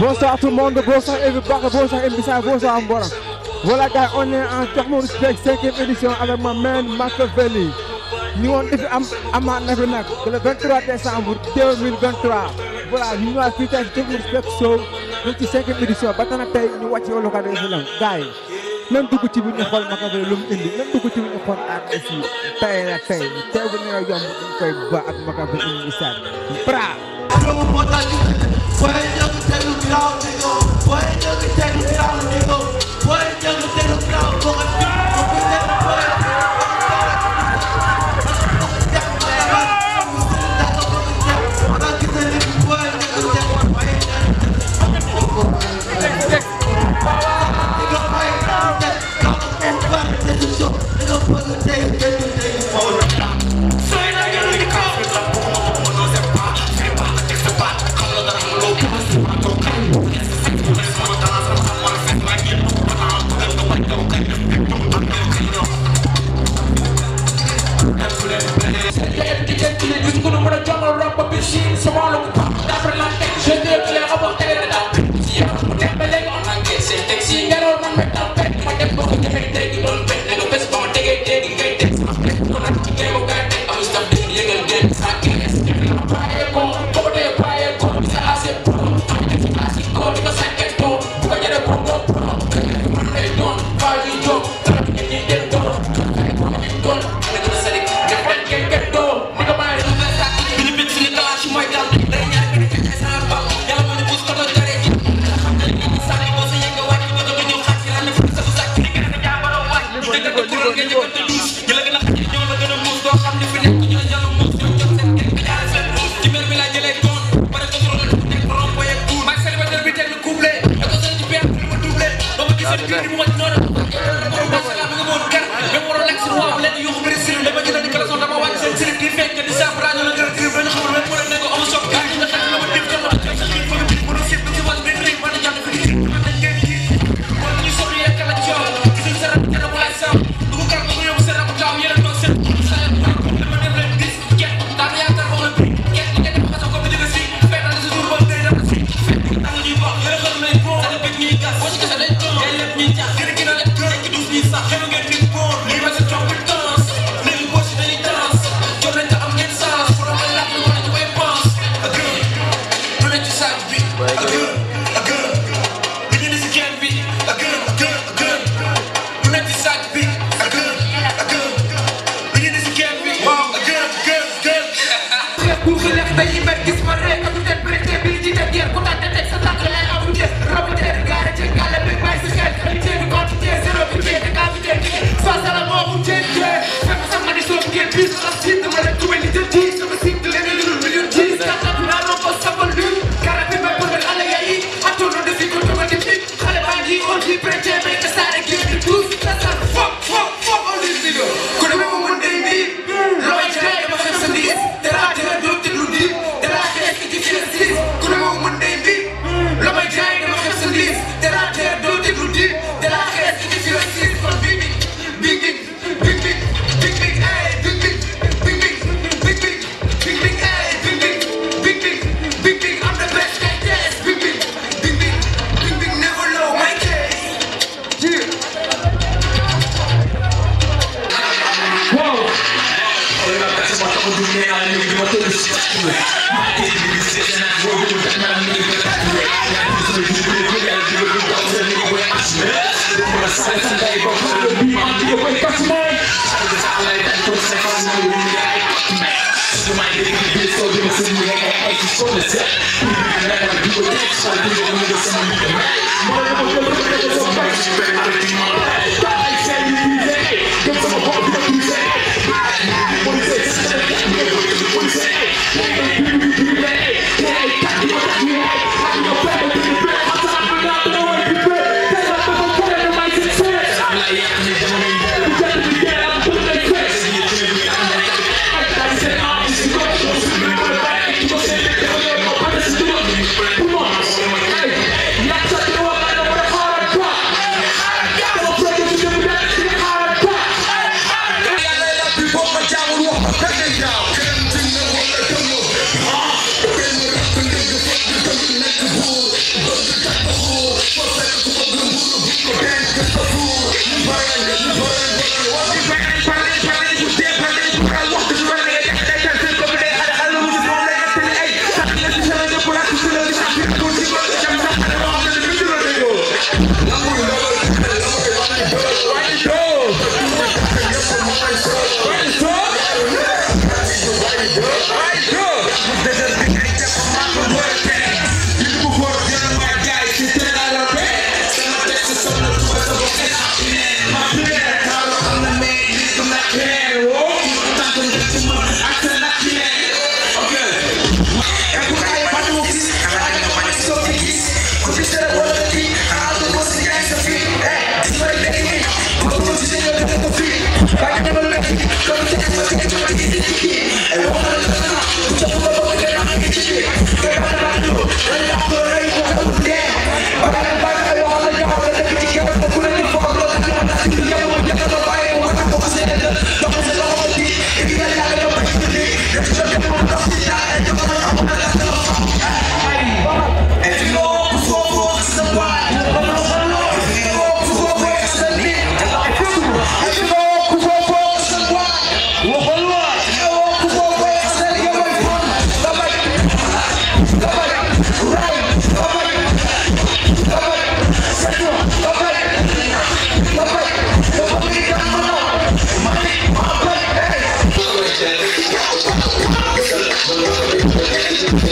Bonsoir tout monde, bonsoir everybody, bonsoir MBSA, bonsoir Mbora. Voilà gars, on est en Thermorespect 5e édition avec ma man Machiavelli. ñu woon ifi am amaan na fi nag le 23 décembre 2023 voilà ñu ñëwaat fii ci 5 édition ba tax na tey ñu wàcc yoo localité fi lan gars nan dugg ci bi ñu xool Machiavelli lu mu indi nan dugg ci bi ñu xool artiste yi tey la tey tey bu ñu yomb dañ koy ba ak Machiavelli indi stade bra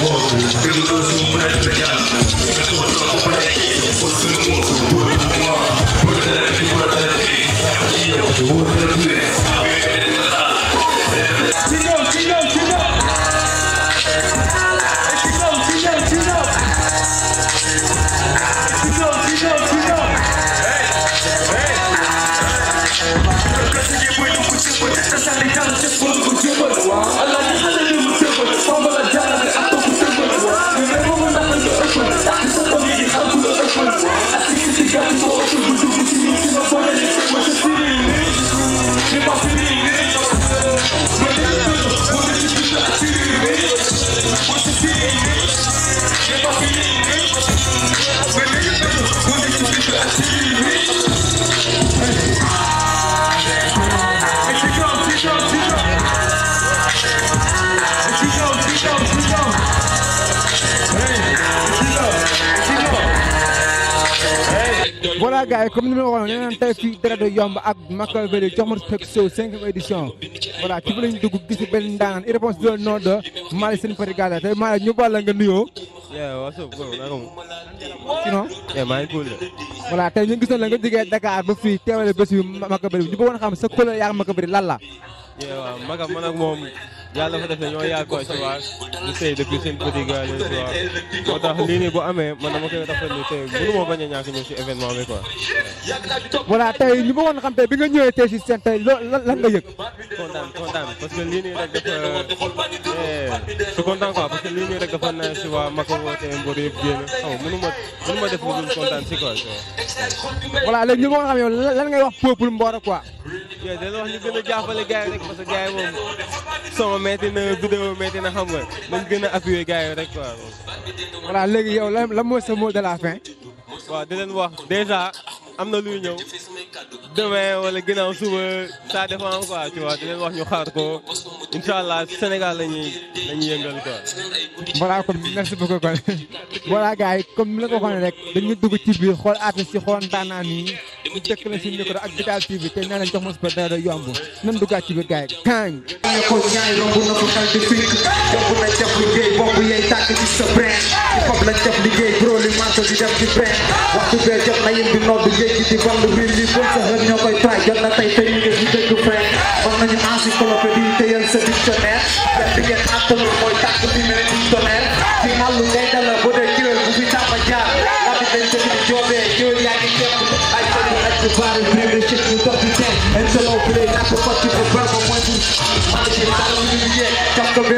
What will be gars yi comme ni ma waxoon nee naan tey fii dara day yomb ak Machiavelli jox ma fekk show cinquième édition voilà ci bi lañ dugg gis benn ndaanaan une réponse de nom de Malick Sène Fadiga tey Malick ñu bàyyi la nga nuyoo. waaw sëñ bi sinon. maa ngi góorgóorlu. la nga jógee Dakar ba fii teewale bés bi Machiavelli ñu bëggoon xam sa kóllëre yaa Machiavelli lan la. waaw Machiavelli ak moom. yàlla dafa def ne ñoo yàggoo ci waat ñu sëy depuis seen petit gars yooyu ci waat moo tax lii nii bu amee man dama koy rafetlu tey mënu ma bañ a ñàkk ñëw ci événement bi quoi. voilà tey li ma woon xam tey bi nga ñëwee tey ci seen tey loo lan nga yëg. kontaan kontaan parce que lii nii rek dafa eh, su kontaan quoi parce que lii nii rek dafa naan ci waa Mako woote mbor yëpp génn xaw mënu ma mënu ma def lu dul kontaan ci quoi. voilà léegi li ma woon xam yow lan ngay wax peuple Mboro quoi. yooyu dañoo wax ñu gën a jàppale gars yi rek parce que gars yi moom ma metti na vidéo metti na xam nga nañ gën a appuyer gars yi rek quoi. voilà léegi yow lan lan mooy sa mot de la fin. waaw di leen wax déjà am na luy ñëw demain wala ginnaaw suba ça dépend quoi tu vois di leen wax ñu xaar ko incha allah Sénégal la ñuy la ñuy yëngal quoi. voilà kon merci beaucoup kon voilà gars yi comme ni la ko waxoon rek dañu dugg ci biir xool artiste yi xool ndaanaan yi ñu tëkk la si micro ak Vital TV te nee nañ jox ma super dara yomb nan duggaat ci biir gars yi kañ. na ko xel di fikk yóbbu na jàpp liggéey bopp yey tàkk ci sa brin ci fab la jàpp liggéey broli manto di dégg di bi li bon sax rek ñoo na dégg nañu encyclopédie sa dictionnaire def bi mel dictionnaire ngay bu bu fi jaar la bi dañ ay sa ci solo play ak ko ci verbe ma ci ñu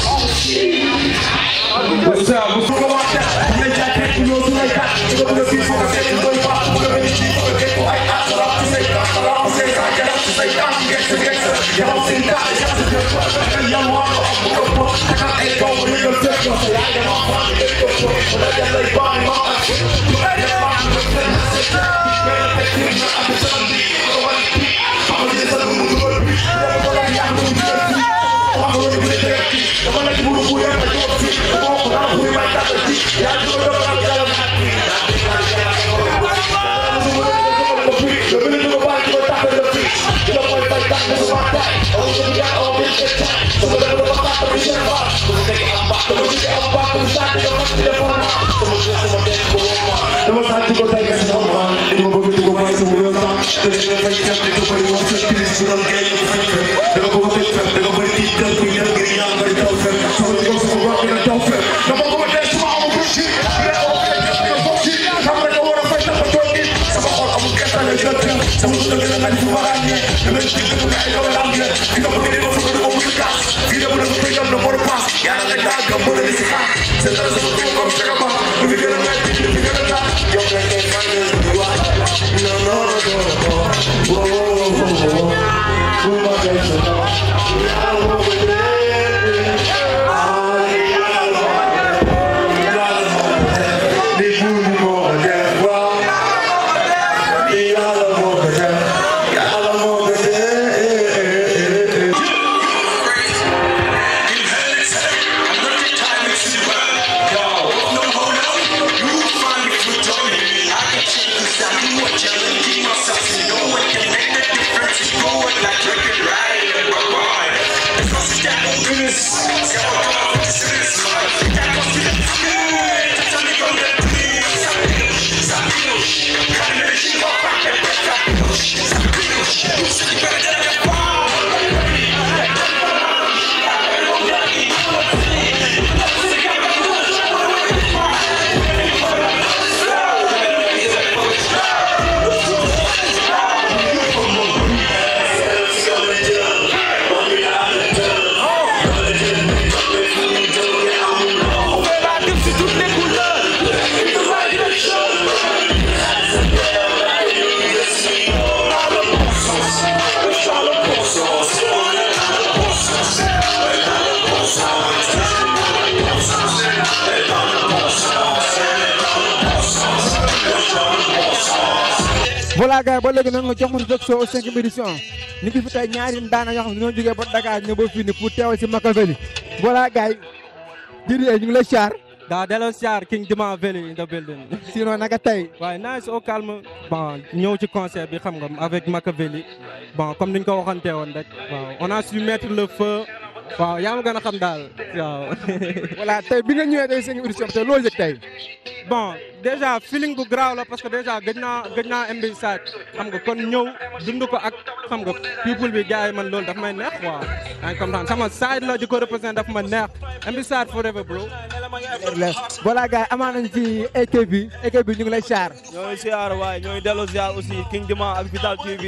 Yeah, że weź każdego perłowca, który z Uralgejem fajfem Tego głowy fem, tego perki tempy, nerwy i nawet dofem Cały tego słowa na dofem No bo głowy też ma obróci, ale obróci każdego foksi Nawet go wora fajna podłogi Samochód, a mój kasa nie znaczy Samochód do gry na wywaranie Nie będzie tego na jego ramię Kto pogrywa, co go mój kas Ile będę wypytam, no more pas Ja na tego, go będę wysychać Chcę teraz Ndiagaay ba léegi nag nga jox ma rek soo cinquième édition ñu ngi fi tay ñaari ndaana yo xam ne ñoo jógee ba Dakar ñëw ba fii nii pour teewal ci Machiavelli voilà gaay yi ñu ngi lay siyaar. da delloo siyaar King Dima Valley in the building. sino naka tay waaye nice au calme. bon ñëw ci concert bi xam nga avec Machiavelli bon comme niñ ko waxanté won rek. on a su mettre le feu. waaw yaa ma gën a xam daal waaw. voilà tey bi nga ñëwee tey seen émission tey loo yëg tey. bon déjà feeling bu graaw la parce que déjà gëj naa gëj naa MB Sadj xam nga kon ñëw dund ko ak xam nga people bi gars yi man loolu daf may neex waaw. yaa ngi comprendre sama Sadj la di ko représenté daf ma neex MB Sadj forever bro. voilà gars yi nañ ci équipe bi équipe bi ñu ngi lay ñooy siyaar waaye ñooy dellu siyaar aussi King Diamant ak Vital TV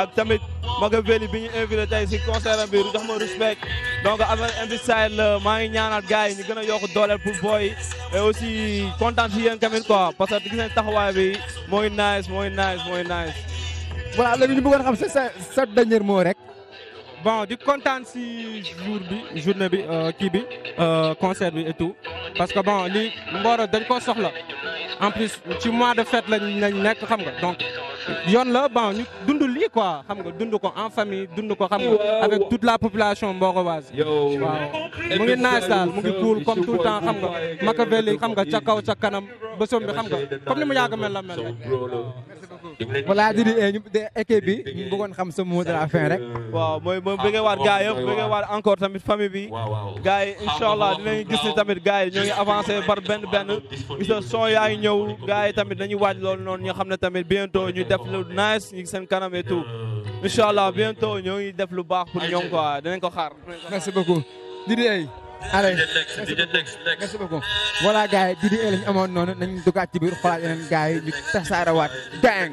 ak tamit Machiavelli bi ñu invité tey si concert bi jox ma respect donc avec Mbissane la maa ngi ñaanal gars yi ñu gën a yokk dooleel pour booy et aussi kontaan si yéen tamit quoi parce que gis nañ taxawaay bi mooy nice mooy nice mooy nice. voilà léegi ñu bëggoon xam sa sa moo rek. bon di content si jour bi journée bi euh, kii bi euh, concert bi et tout parce que bon lii Mboro dañ ko soxla en plus ci mois de fête la ñu nek xam nga donc yoon la bon ñu dundul li quoi xam nga dund ko en famille dund ko xam nga avec toute la population mboroise yo mu ngi nice dal mu ngi cool comme tout temps xam nga Machiavelli xam nga ca kaw ca kanam bësoom bi xam nga comme ni mu yàgg mel la mel voilà di di eh, eh, équipe bi ñu bëggoon xam sa mot de la fin rek. waaw mooy mooy bëggee waat gars yëpp bëggee waat encore tamit famille bi. gars yi incha allah dinañ gis ni tamit gars yi ñoo ngi avancé par benn benn. gis nga son yaa ngi ñëw gars yi tamit dañuy waaj loolu noon ñu xam ne tamit bientôt ñu def lu nice ñu seen kanam et tout. incha allah bientôt ñoo def lu baax pour ñoom quoi dinañ ko xaar. merci beaucoup Didi eh, allez merci beaucoup voilà gars yi Didi lañ amoon noonu nañ duggaat ci biir xolaat yeneen gars yi ñu tasaarewaat gang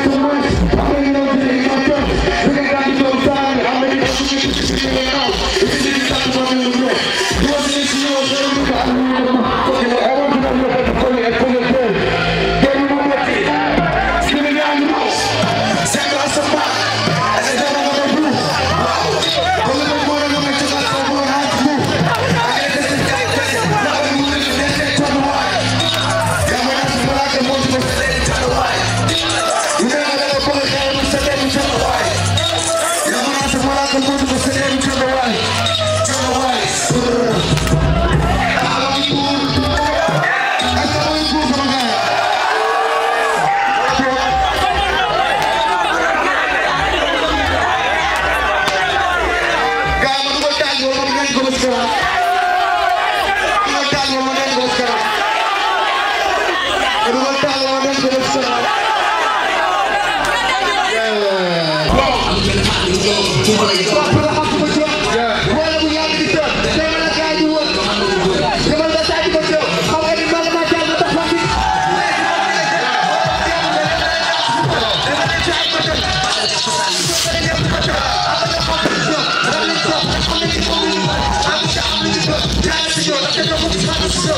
Yeah.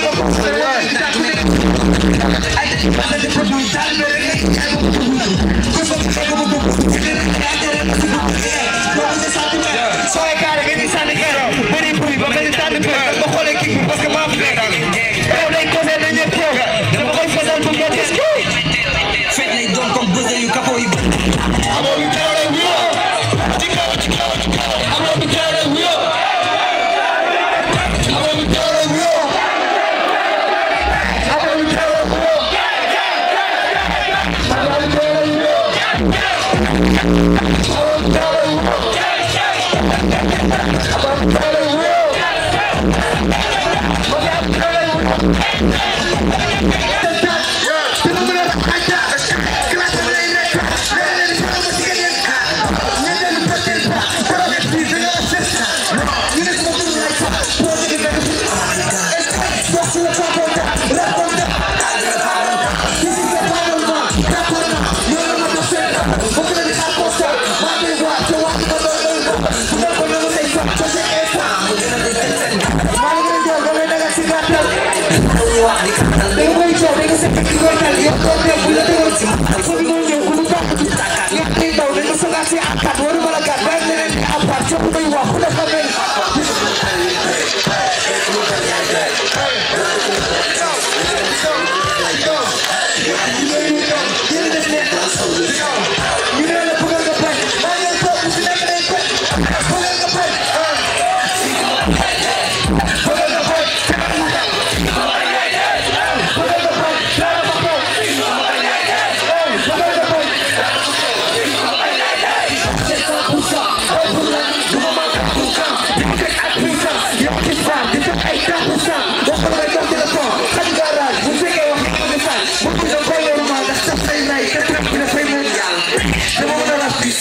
Yeah.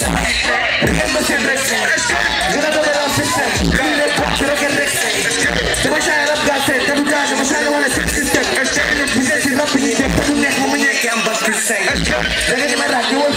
Dixon. Remember Tim Dixon. Gonna go down system. Give it pop, you don't get Dixon. Then I shine up, God said, double dodge, I'm a shine on a six system. Possession up in you, then put your neck, woman, you can't bust this thing. Look at my rock, you won't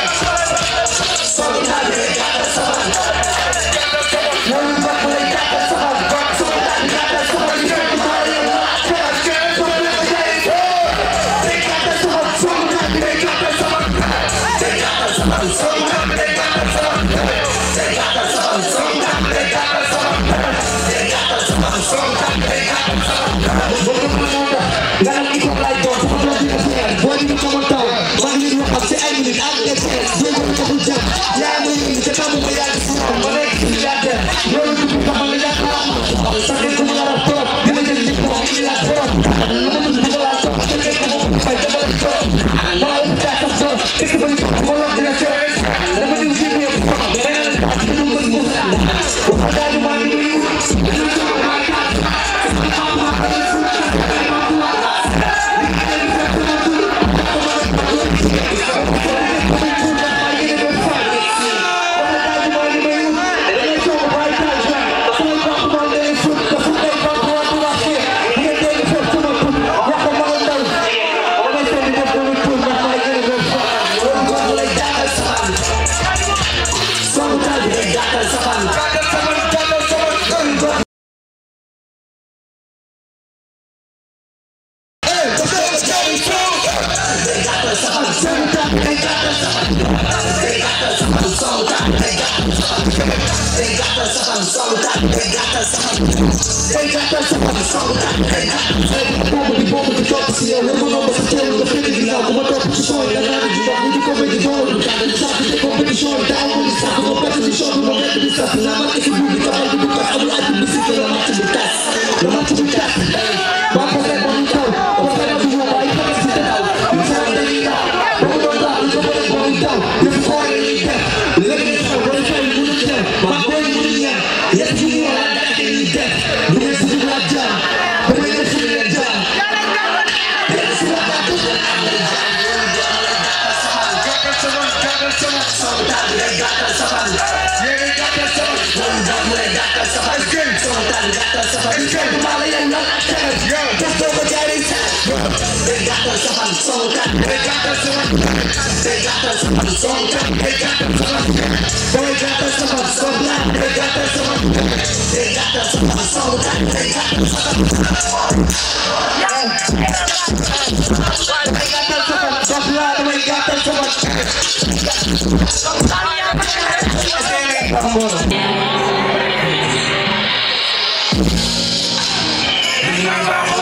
What Yeah.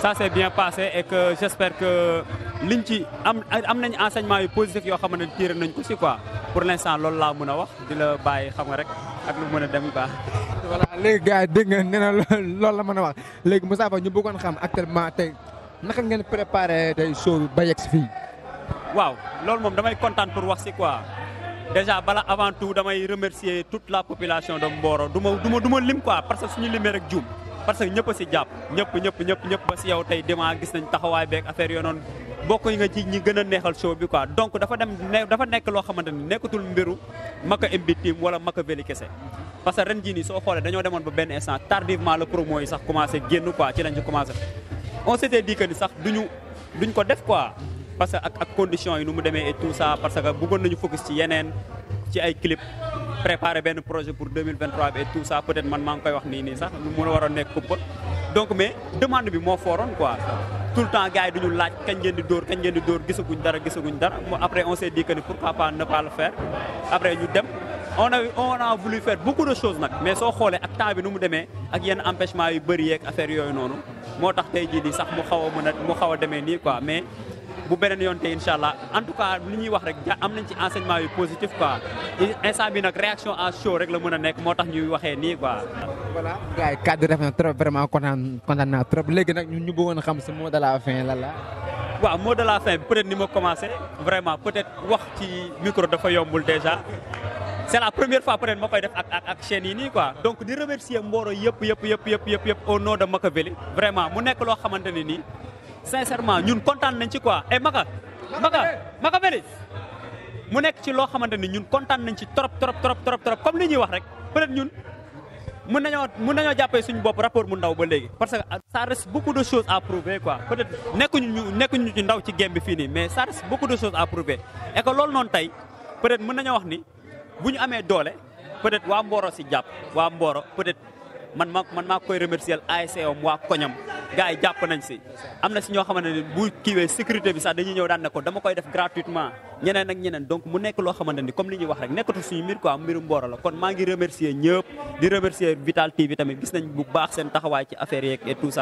ça s'est bien passé et que j'espère que liñ ci am am nañ enseignement yu positif yo xamante ne tirer nañ ko quoi pour l'instant loolu la mëna wax dila baye xam nga rek ak lu mëna dem baax. voilà léegi gars yi nga néna na la mëna wax léegi Moussa Ba ñu bëggoon xam actuellement tay naka ngeen préparé tey show bi ba yegg si waaw loolu mom damay kontaan pour wax ci quoi déjà bala avant tout damay remercier toute la population de Mboro duma duma duma lim quoi parce que suñu limé rek djum parce que ñëpp si jàpp ñëpp ñëpp ñëpp ñëpp ba si yow tey dima gis nañ taxawaay beeg affaire yoo noonu bokk nga ci ñi gën a neexal show bi quoi donc dafa dem dafa nekk loo xamante ni nekkatul mbiru Maka Mbi Team wala Maka Wely kese. parce que ren jii nii soo xoolee dañoo demoon ba benn instant tardivement la promo yi sax commencé génn quoi ci lañ ci commencé on s'était dit que ni sax duñu duñ ko def quoi. parce que ak ak conditions yi nu mu demee et tout parce que bëggoon nañu focus ci yeneen ci ay clip préparé benn projet pour 2023 bi et tout ça peut man koy wax nii sax mu war nekk coupe donc mais demande bi moo fooroon quoi tout le temps gars yi duñu laaj kañ ngeen di dóor kañ ngeen di dóor gisaguñ dara gisaguñ dara après on s'est dit que ni pourquoi pas ne après ñu dem on a on a voulu faire beaucoup nag mais soo xoolee ak temps bi nu mu demee ak yenn empêchement yu bëri yeeg affaire yooyu noonu moo tax tey jii nii sax mu xaw a mën mu xaw a demee nii quoi mais bu beneen yoon te allah en tout cas li ñuy wax rek am nañ ci enseignement yu positif quoi instant bi nag réaction à chaud rek la mën a nekk moo tax ñuy waxee nii quoi. voilà gars yi kàddu def na trop vraiment kontaan kontaan naa trop léegi nag ñun ñu bëggoon xam si mot de la fin lan la. waaw mot de la fin peut ni ma commencé vraiment peut wax ci micro dafa yombul deja c'est la première fois peut-être ma koy def ak ak yi nii quoi donc di remercier mbooro yëpp yëpp yëpp yëpp yëpp yëpp au nom de Machiavelli vraiment mu nekk loo xamante ne nii sincèrement ñun kontaan nañ ci quoi et eh, Maka Maka Maka Vélez mu nekk ci loo xamante ni ñun kontaan nañ ci trop trop trop trop trop comme li ñuy wax rek peut-être ñun mun nañoo mun nañoo jàppee suñu bopp rapport mu ndaw ba léegi parce que ça reste beaucoup de choses à prouver quoi peut-être nekkuñu ñu nekkuñu ci ndaw ci game bi fii nii mais ça reste beaucoup de choses à prouver et que loolu noonu tey peut-être mën nañoo wax ni bu ñu amee doole peut-être waa mbooro si jàpp waa mbooro peut-être. man maak man maa koy remercier ASC am e waa koñam gars yi jàpp nañ si. am na si ñoo xamante ne bu kiiwee sécurité bi sax dañuy ñëw daan ne ko dama koy def gratuitement ñeneen ak ñeneen donc mu nekk loo xamante ni comme li ñuy wax rek nekkatu suñu mbir quoi mbiru Mboro la kon maa ngi remercier ñëpp di remercier Vital TV tamit gis nañ bu baax seen taxawaay ci affaire yeeg e tout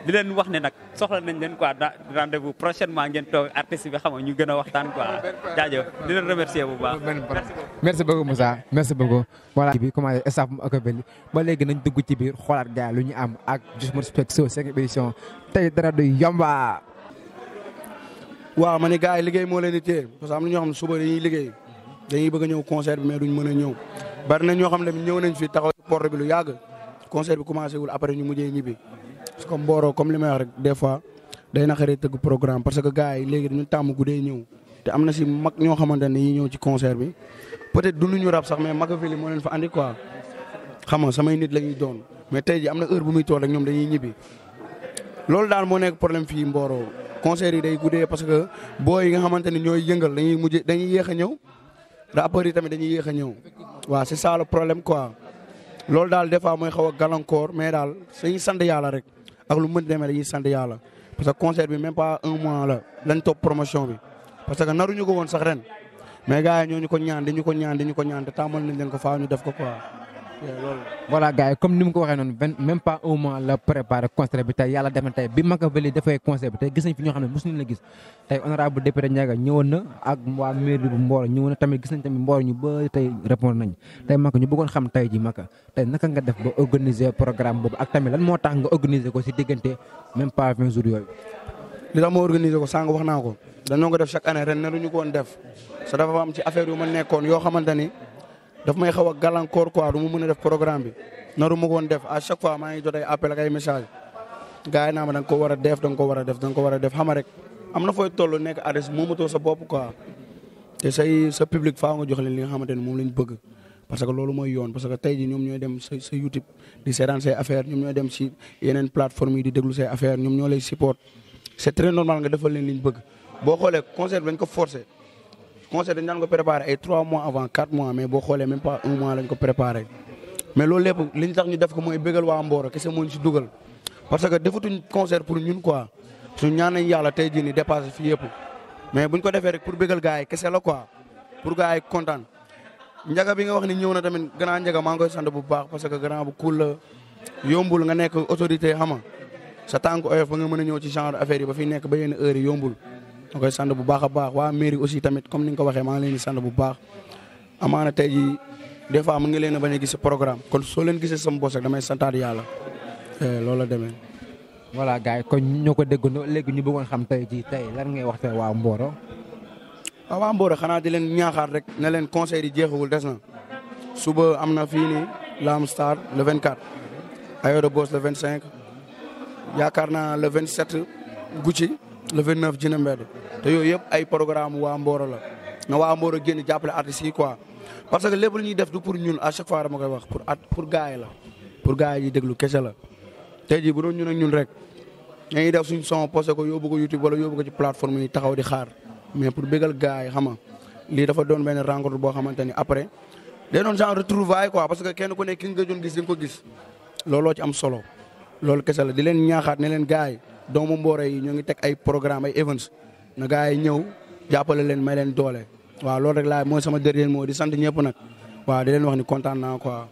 di leen wax ne nag soxla nañ leen quoi rendez-vous prochainement ngeen toog artiste bi xam nga ñu gën a waxtaan quoi jaajëf di leen remercier bu baax. merci beaucoup Moussa merci beaucoup. voilà bi commencé staff mu akabeli ba léegi nañ dugg ci biir xolaat gars lu ñu am ak Just Mod Speak Show cinquième édition tey dara du yomba. waaw ma ne gars yi liggéey moo leen di téye parce am na ñoo xam ne suba dañuy liggéey dañuy bëgg a ñëw concert bi mais duñ mën a ñëw bari na ñoo xam ne ñëw nañ fi taxaw porte bi lu yàgg concert bi commencé wul après ñu mujjee ñibbi. parce que mbooroo comme li may rek des fois day naqaree tëgg programme parce que gars yi léegi dañu tàmm guddee ñëw te am na si mag ñoo xamante ne yi ñëw ci concert bi peut-être du ñu rab sax mais Machiavelli moo leen fa andi quoi xam nga samay nit la ñuy doon mais tey ji am na heure bu muy tool rek ñoom dañuy ñibbi loolu daal moo nekk problème fii mbooroo concert yi day guddee parce que boo yi nga xamante ne ñooy yëngal dañuy mujj dañuy yéex a ñëw rappeurs yi tamit dañuy yéex a ñëw waaw c'est problème quoi loolu daal des fois mooy xaw a gàllankoor mais daal dañuy sant yàlla rek. ak lu mën demee dañuy sant yàlla parce que concert bi même pas un mois la bi parce que naruñu ko woon sax ren mais gars yi ñoo ñu ko ñaan dañu ko ñaan ñu ko ñaan te tàmmal nañ leen ko faaw ñu def ko quoi. voilà gars comme ni ko waxé non même pas un mois la préparer concert bi tey yàlla def na tey bi Machiavelli dafay concert bi tey gis nañ fi ñoo xamné ne mosuñu la gis tay honorable député Ndiaga ñëwon na ak wa maire bu mbor ñëwoon na tamit gis nañ tamit mbor ñu ba tay répondre nañ tay Maka ñu bëggon xam tay ji Maka tay naka nga def ba organiser programme boobu ak tamit lan moo tax nga organiser ko ci digënté même pas 20 jours yoy li tax ma organiser ko sang wax naa ko dañoo ko def chaque année ren ne lu ñu ko won def sa dafa am ci affaire yu ma nekkoon yo xamante daf may xawa galang kor quoi du mu meuna def programme bi naru ma ko def à chaque fois ma ngi jotay appel ak ay message gaay yi ma ko wara def dang ko wara def dang ko wara def xama rek amna foy tollu nek nekk artiste sa bop quoi te say sa public fa nga jox leen li nga xamanteni mom lañ bëgg parce que lolu moy yoon parce que tay ji ñom ñoy dem sa YouTube di sétan say affaire ñom ñoy dem si yenen plateforme yi di déglu say affaire ñom ñoo lay support c'est très normal nga defal leen liñ bëgg bo xolé concert bañ ko forcer concert dañ ko préparer ay 3 mois avant 4 mois mais bo xolé même pas 1 mois lañ ko préparer mais loolu lepp liñ tax ñu def ko moy bëggal wa Mboro kessé moñ ci duggal parce que defatuñ concert pour ñun quoi suñ ñaan nañ yalla tay jini dépasser fi yépp mais buñ ko défé rek pour bëggal gaay kessé la quoi pour gaay content ñaga bi nga wax ni ñëw na tamen grand ñaga ma ngoy sande bu baax parce que grand bu cool yombul nga nek autorité xama sa tank oyof ba nga mëna ñëw ci genre affaire yi ba fi nek ba yeen heure yombul. ma koy sant bu baax a baax waa mairie aussi tamit comme ni nga ko waxee maa ngi leen di bu baax amaana tey jii des fois mu ngi leen a bañ a gis programme kon soo leen gisee sama bos rek damay santaat yàlla eh, loolu la demee. voilà gars yi kon ñoo ko déggandoo léegi ñu bëggoon xam tey jii tey lan ngay wax tey waa Mboro. waaw ah, waa Mboro xanaa di leen ñaaxaat rek na leen conseil yi jeexagul des na suba am na fii la Lam Star le 24. Aéro Boss le 25 yaakaar naa le 27 Gucci. le 29 Djina Mbed te yooyu yëpp ay programme waa la na waa Mboro génn jàppale artistes yi quoi parce que lépp lu ñuy def pour ñun à chaque fois dama koy wax pour at pour gars la pour gars yi déglu kese la tey jii bu doon ñun ak ñun rek dañuy def suñ son ko yóbbu ko YouTube wala yóbbu ko ci plateforme yi taxaw di xaar mais pour bégal gars yi xam nga lii dafa doon benn rencontre boo xamante ni après day doon genre retrouvaille quoi parce que kenn ku nekk ki nga doon gis di nga ko gis ci am solo loolu kese la di leen ñaaxaat ne leen gars yi doomu Mbooro yi ñoo ngi teg ay programme ay events na gars yi ñëw jàppale leen may leen doole waaw lool rek laa mooy sama dernier moo di sant ñëpp nag waaw di leen wax ni kontaan naa quoi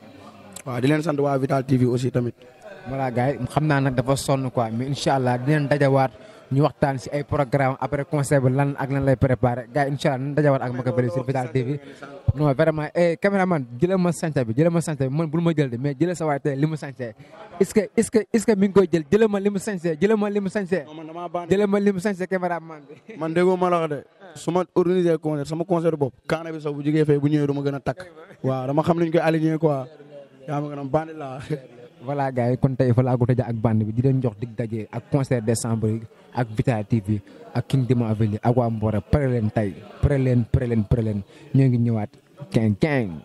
waa di leen sant waa Vital TV aussi tamit. voilà gars yi xam naa nag dafa sonn quoi mais incha allah dinañ dajawaat. ñu waxtaan si ay programme après conseil bi lan ak lan lay préparé gars yi incha allah nañu ak Machiavelli sur Vital TV non vraiment eh, ma sànca bi ma sànca bi man bul ma jël de mais jëlee sa waay tey li mu sàncee est jël jëlee ma li mu sàncee ma li mu sàncee jëlee man déggoo ma la de su ma organisé concert sama bopp kaana bi sax bu jógee fee bu ñëwee du ma gën a takk waaw dama xam nañ koy aligné quoi yaa ma gën a bandi la voilà gars yi kon tey fa laa ko tëjee ak band bi di leen jox dig daje ak concert décembre yi ak Vita TV ak King Dima Avenue ak waa Mbora pare leen tey pare leen pare leen pare leen ñoo ngi ñëwaat keng keng